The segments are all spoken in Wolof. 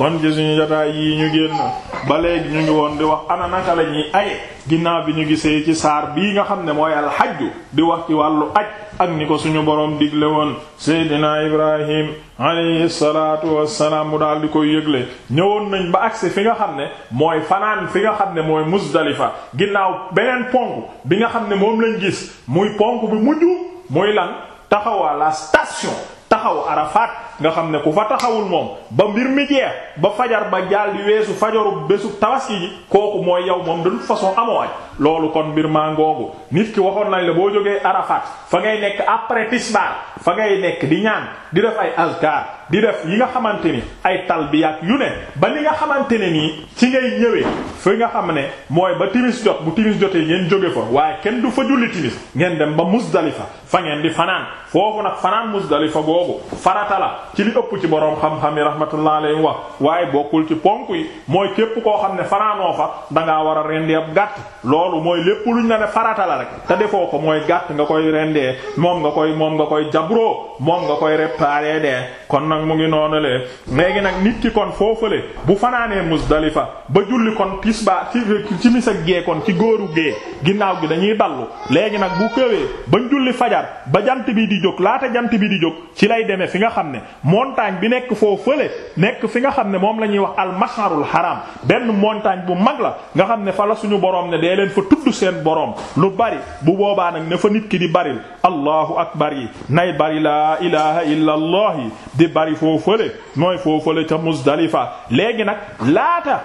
kon ci suñu jotaay yii ñu génn ba léegi ñu ngi woon di wax ana naka la ñuy aye ginnaaw bi ñu gisee ci saar bii nga xam ne mooy alxajju di wax ci wàllu aj ak ni ko suñu boroom digle woon seydinaa ibrahim alayhi salaatu wassalaam mu daal di koy yëgle ñëwoon nañ ba agsi fi nga xam ne mooy fanaan fi nga xam ne mooy musdalifa ginnaaw beneen ponk bi nga xam ne moom lañ gis muy ponk bi mujj muy lan taxawaa la station taxaw Arafat nga xam ne ku fa taxawul moom ba mbir mi jeex ba fajar ba jaal di weesu fajaru bésu tabaski ji kooku mooy yow moom du toute façon amoo aj loolu kon mbir maa ngoogu nit ki waxoon nañ la boo jógee Arafat fa ngay nekk après tisbaar fa ngay nekk di ñaan di def ay azkar di def yi nga xamante ni ay talbiyaat yu ne ba li nga xamante ne nii ci ngay ñëwee fi nga xam ne mooy ba timis jot bu timis jotee ngeen jóge fa waaye kenn du fa julli timis ngeen dem ba Muzdalifa fa ngeen di fanaan foofu nag fanaan Muzdalifa googu farata la ci li ëpp ci boroom xam-xam yi rahmatullah alayhi wax waaye bokkul ci ponk yi mooy képp koo xam ne fanaanoo fa dangaa war a rendi ab gàtt loolu mooy lépp luñ la ne farata la te defoo ko mooy gàtt nga koy rendee moom nga koy moom nga koy jam cabro moom nga koy réparer de kon nag mu ngi noonu le léegi nag nit ki kon foofale bu fanaanee Muzdalifa ba julli kon tisba ci ci misa gee kon ci góoru gee ginnaaw gi dañuy dallu léegi nag bu këwee ba julli fajar ba jant bi di jóg laata jant bi di jóg ci lay demee fi nga xam ne montagne bi nekk foofale nekk fi nga xam ne moom la ñuy wax almasharul xaram benn montagne bu mag la nga xam ne fa la suñu borom ne dee leen fa tudd seen borom lu bari bu boobaa nag ne nit ki di baril allahu bari laa ilaha illa allah di bari foofale mooy foofale ca Muzdalifa léegi nag laata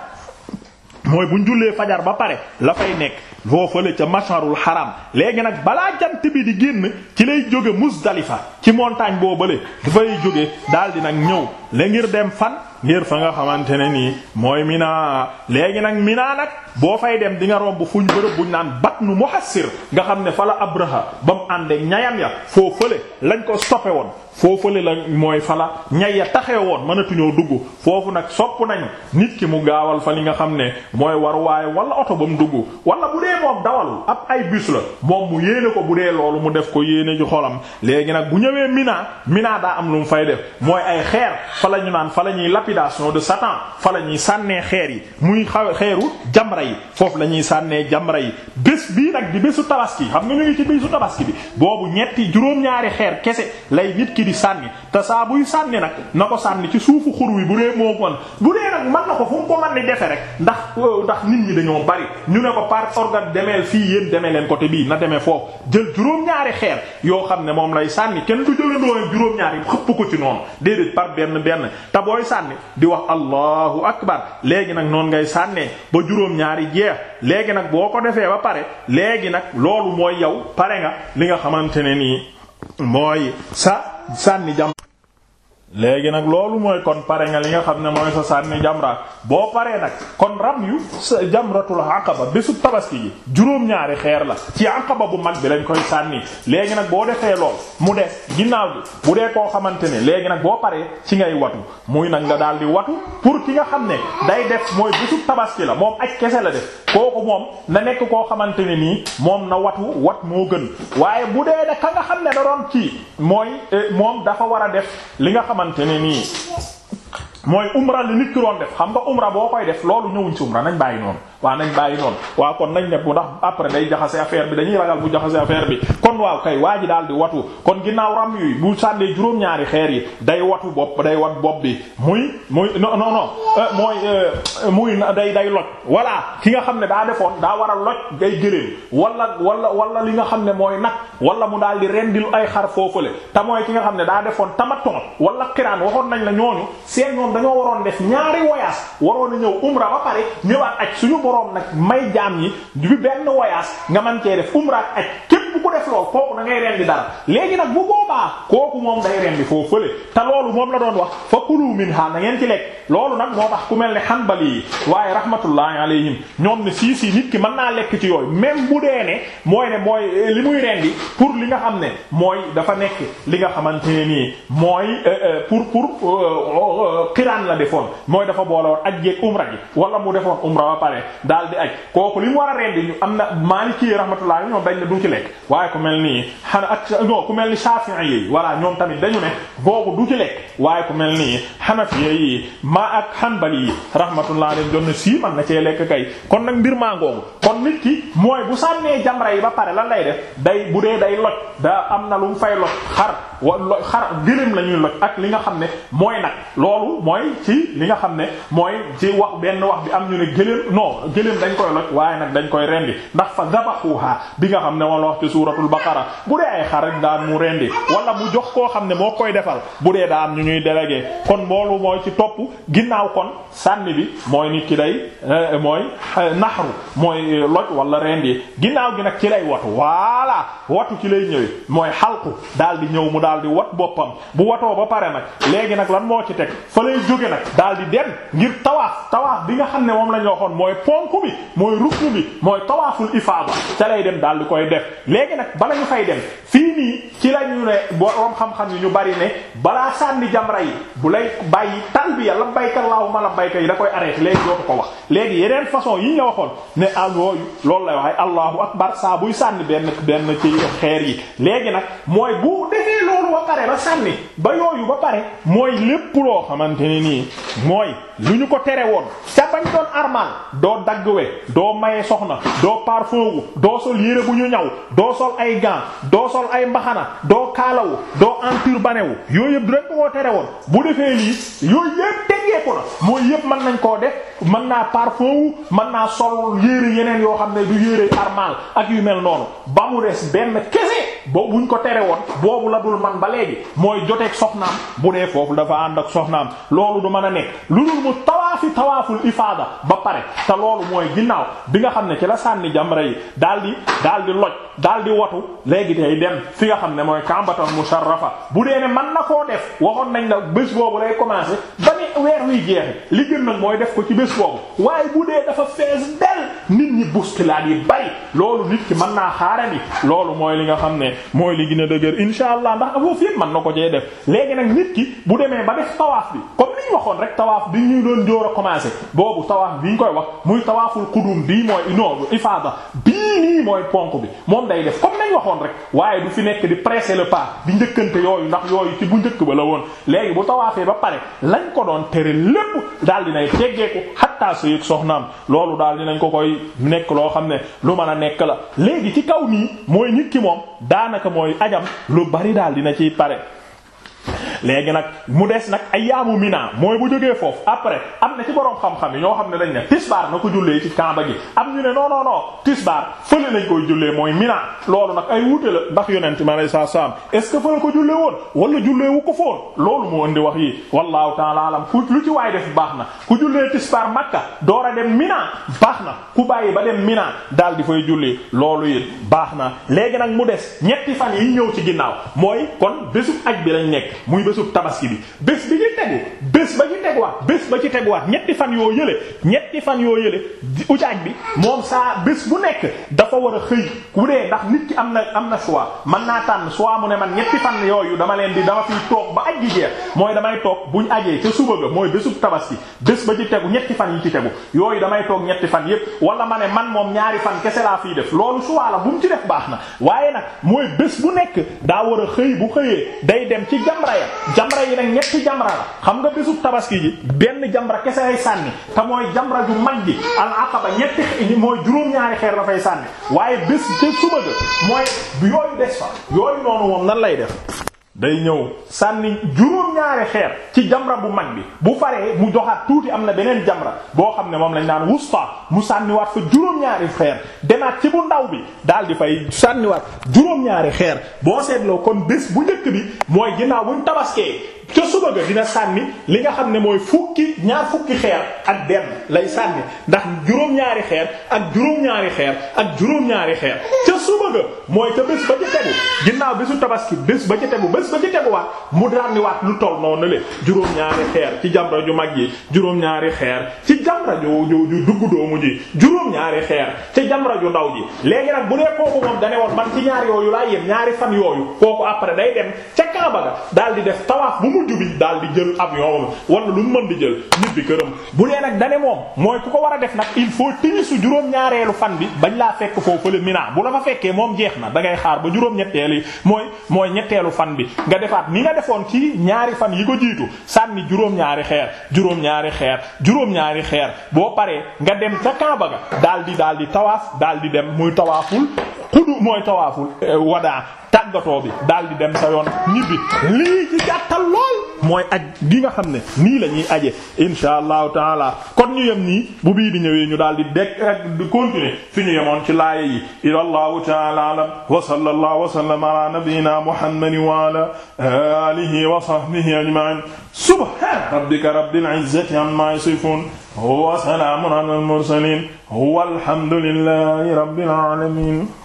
mooy bu ñu jullee fajar ba pare la fay nekk foofale ca masharul haram léegi nag balaa jant bi di génn ci lay jóge Muzdalifa ci montagne boobale dafay jóge daal di nag ñëw la ngir dem fan ngir fa nga xamante ne nii mooy Mina léegi nag minaa nag boo fay dem dinga nga romb fuñ bërëb buñ naan Batnu Muhassir nga xam ne fa la Abraha ba mu àndee ñayam ya foo fële lañ ko stoppé woon foofale la mooy fala ñaya taxee woon mënatuñoo dugg foofu nag sopp nañu nit ki mu gaawal fa li nga xam ne mooy war wala oto ba mu dugg wala bu dee dawal ab ay bus la moom mu yéene ko loolu mu def ko yéene ji xolam léegi nag bu ñëwee Mina Mina daa am lu mu fay def mooy ay xeer fa la ñu naan fa la ñuy lapidation de Satan fa la ñuy sànnee xeer yi muy xaw xeeru jamra yi foofu la ñuy sànnee jamra yi bés bii nag di bésu tabaski xam nga ñu ngi ci bésu tabaski bi boobu ñetti juróom-ñaari xeer kese lay nit ki di sànni te saa buy sànni nag na ko sànni ci suufu xur wi bu dee moo mën bu dee nag mën na ko fu mu ko mën ni defe rek ndax euh, ndax nit ñi dañoo bari ñu ne ko par organe demeel fii yéen demee leen côté bii na demee foofu jël juróom-ñaari xeer yoo xam ne moom lay sànni kenn du jëlandoo juróom-ñaari xëpp ko ci noonu déedéet par benn benn te booy sànni di wax allahu akbar léegi nag noonu ngay sànnee ba juróom-ñaari jeex léegi nag boo ko defee ba pare léegi nag loolu mooy yow pare sànni jam léegi nag loolu mooy kon pare nga li nga xam ne mooy sa sànni jamra boo paree nag kon ram yu sa jamratul aqaba bésu tabaski ji juróom-ñaari xeer la ci aqaba bu mag bi lañ koy sànni léegi nag boo defee lool mu des ginnaaw bi bu dee koo xamante ne léegi nag boo paree ci ngay watu muy nag nga daal di watu pour ki nga xam ne day def mooy bésu tabaski la moom ak kese la def kooku moom na nekk koo xamante ne nii moom na watu wat moo gën waaye bu dee da ka nga xam ne doon kii mooy eh, moom dafa war a de xamante ne nii mooy umra li nit ki doon def xam nga umra boo koy def loolu ñëwuñ ci umra nañ bàyyi noonu waa nañ bàyyi noonu waa kon nañ ne bu ndax après day jaxase affaire bi dañuy ragal bu jaxase affaire bi kon waaw kay waa ji daal di watu kon ginnaaw ram yuy bu sànnee juróom-ñaari xeer yi day watu bopp day wat bopp bi muy muy non non non euh, mooy euh, muy day day loj voilà ki nga xam ne daa defoon daa war a loj day gëléem wala wala wala li nga xam ne mooy nag wala mu daal di rendil ay xar foofule te mooy ki nga xam ne daa defoon tamaton wala xiraan waxoon nañ la ñooñu seen dañoo waroon def ñaari voyage waroon a ñëw umra ba pare ñëwaat ak suñu boroom nag may jaam yi bi benn voyage nga man cee def umra ak aj képp ku def lool kooku nangay ngay rendi dara léegi nag bu boobaa kooku moom day rendi foofu fële te loolu moom la doon wax fa min minha na ngeen ci lekk loolu nag moo tax ku mel ne Hanbali yi waaye rahmatullahi alayhim ñoom ne sii si nit ki mën naa lekk ci yooyu même bu dee ne mooy ne mooy eh, li muy rendi pour li nga xam ne mooy dafa nekk li nga xamante ne nii mooy eh, eh, pour pour oh, oh, xiraan la defoon mooy dafa boole woon aj jeeg umra ji wala mu defoon umra ba daal di aj kooku li war a rendi ñu am na Maliki rahmatullahi ñoom dañ ne du ci lekk waaye ku mel nii xana ak non ku mel ni Shafi'i yi voilà ñoom tamit dañu ne googu du ci lekk waaye ku mel nii Hanafiya yi ma ak Hanbali yi rahmatullah alayhi doon na sii man na cee lekk kay kon nag mbir maa ngoogu kon nit ki mooy bu sànnee jamra yi ba pare lan lay def day bu dee day loj da am na lu mu fay loj xar wa loj la ñuy loj ak li nga xam ne mooy nag loolu mooy ci li nga xam ne mooy ci wax benn wax bi am ñu ne gëléem non gëléem dañ koy loj waaye nag dañ koy rendi suuratul baqara bu dee ay xar rek daan mu rendi wala mu jox koo xam ne moo koy defal bu dee daan ñu ñuy délégué kon mboolu mooy ci topp ginnaaw kon sànni bi mooy nit ki day eh, mooy eh, naxaru mooy eh, loj wala rendi ginnaaw gi nag ci lay watu voilà watu ci lay ñëwee mooy xalku daal di ñëw mu daal di wat boppam bu watoo ba pare nag léegi nag lan moo ci teg fa lay jóge nag daal di dem ngir tawaaf tawaaf bi nga xam ne moom la ñu waxoon mooy ponk bi mooy rukn bi mooy tawaaful léegi nag bala ñu fay dem fii nii ci la ñu ne borom xam-xam yi ñu bari ne balaa sànni jamra yi bu lay bàyyi talbiya labbayka allahumma labbayka yi da koy arrêté léegi dootu ko wax léegi yeneen façon yi nga waxoon ne alooyu ah, loolu lay waxee allahu akbar saa buy sànni benn benn ci xeer yi léegi nag mooy bu defee loolu ba pare ba sànni ba yooyu ba pare mooy lépp loo xamante ne nii mooy lu ñu ko tere woon ca bañ doon armal doo daggwe doo maye soxna doo parfum doo sol yére bu ñu ñaw sol ay gants doo sol ay mbaxana doo kaalawu doo enturbané wu yooyu yëpp du dañ ko koo tere woon bu defee lii yooyu yëpp yeeku na mooy yëpp man nañ koo def mën naa parfum wu man naa sol yére yeneen yoo xam ne du yére armal ak yu mel noonu ba mu des benn kese boo ko tere woon boobu la dul man ba léegi mooy joteeg soxnaam bu dee foofu dafa ànd ak soxnaam loolu du mën a nekk lu dul mu tawaafi tawaaful ifaada ba pare te loolu mooy ginnaaw bi nga xam ne ci la sànni jamra yi daal di daal daal di watu léegi day dem fi nga xam ne mooy kàmbatal musharrafa bu dee ne mën na def waxoon nañ weer wiy jeexe li gën nag mooy def ko ci bés boobu waaye bu dee dafa fees nit ñi bousculade yi bari loolu nit ki mën naa xaaral xaarandi loolu mooy li nga xam ne mooy li gën a dëgër allah ndax foofu yépp na ko cee def léegi nag nit ki bu demee ba def tawaaf bi comme li ñu waxoon rek tawaaf bi ñuy doon jóor a commencé boobu tawaaf bi ñu koy wax muy tawaaful qudum bii mooy non ifaada bii nii mooy ponk bi moom day def waxoon rek waaye du fi nekk di presser le pas di njëkkante yooyu ndax yooyu ci bu njëkk ba la woon léegi bu tawaafee ba pare lañ ko doon tere lépp daal dinay teggeeku xattaa sa yëg soxnaam loolu daal dinañ ko koy nekk loo xam ne lu mën a nekk la léegi ci kaw nii mooy nit ki moom daanaka mooy ajam lu bari daal dina ciy pare léegi nag mu des nag ay ayyaamu mina mooy bu jógee foofu après am na ci boroom xam-xam yi ñoo xam ne dañ ne tisbaar na ko jullee ci Kaaba gi am ñu ne non tisbaar fële lañ koy jullee mooy mina loolu nag ay wuute la ndax yonent mi alayhi salaatu salaam est que fële ko jullee woon wala jullee wu ko foon loolu moo indi wax yi wallahu ta'ala alam ku lu ci waay def baax na ku jullee tisbaar Makka door a dem mina baax na ku bàyyi ba dem mina daal di fay julli loolu yi baax na léegi nag mu des ñetti fan yi ñëw ci ginnaaw mooy kon bi lañ bésub tabaski bi bés bi ñu ba ci teguwaat bés ba ci teguwaat ñetti fan yoo yële ñetti fan yoo yële ujaaj bi moom saa bés bu nekk dafa war a xëy ku dee nit am na am na choix man naa tànn choix mu ne man ñetti fan yooyu dama leen di dama fiy ba aj gi mooy damay toog buñ ajee ca suba ga mooy bésub tabaski bés ba ci tegu ñetti fan yi ci tegu yooyu damay toog ñetti fan yépp wala ma ne man moom ñaari fan kese laa fiy def loolu choix la bu mu ci def baax na waaye nag mooy bës bu nekk daa war a xëy bu xëyee day dem ci jamra ya jamra yi nag ñetti jamra la xam nga bésub tabaski ji benn jamra kese lay sànni te mooy jamra ju mag ji al aqaba ñetti mooy juróom-ñaari xeer la sànni waaye bés te suba ga mooy yooyu des fa yooyu noonu moom nan lay def day ñëw sànni juróom-ñaari xeer ci jamra bu mag bi bu faree mu joxaat tuuti am na beneen jamra boo xam ne moom lañ naan wusta mu sànniwaat fa juróom-ñaari xeer demaat ci bu ndaw bi daal di fay sànniwaat juróom-ñaari xeer boo seetloo kon bés bu njëkk bi mooy ginnaaw buñ tabaskee ca suba ga dina sànni li nga xam ne mooy fukki ñaar fukki xeer ak benn lay sànni ndax juróom-ñaari xeer ak juróom-ñaari xeer ak juróom xeer ca suba ga mooy ca bés ba ca tegu ginnaaw bésu tabaski bés ba ca tegu bés ba ca teguwaat mu dànniwaat lu toll noonu le juróom-ñaari xeer ci jamra ju mag yi juróom-ñaari xeer ci jamra ju ju ju dugg doomu ji juróom-ñaari xeer ci jamra ju ndaw ji léegi nag bu dee kooku moom dane woon man ci ñaar yooyu laa yem ñaari fan yooyu kooku après day dem ca Kaaba ga daal di mujj bi daal di jël avion wala lu mu mën di jël nit bi këram bu dee nag dane moom mooy ku ko war a def nag il faut tinisu juróom-ñaareelu fan bi bañ laa fekk foofu fële mina bu la fa fekkee moom jeex na dangay xaar ba juróom-ñetteeli mooy mooy ñetteelu fan bi nga defaat ni nga defoon ci ñaari fan yi ko jiitu sànni juróom-ñaari xeer juróom-ñaari xeer juróom-ñaari xeer boo paree nga dem ca Kaaba ga daal di daal di tawaaf daal di dem muy tawaaful xudu mooy tawaaful eh, wadaa tàggatoo daal di dem sa yoon lii ci gàttal mooy aj gi nga xam ne nii la ñuy aje insha allahu taala kon ñu yem nii bu bii di ñëwee ñu daal di dekk di continuer fi ñu yemoon ci laaye yi ila allahu taala alam wa sallallahu wa sallama ala nabiyyina muhammadin wa amma yasifun wa salamun ala al mursalin walhamdulillahi rabbil alamin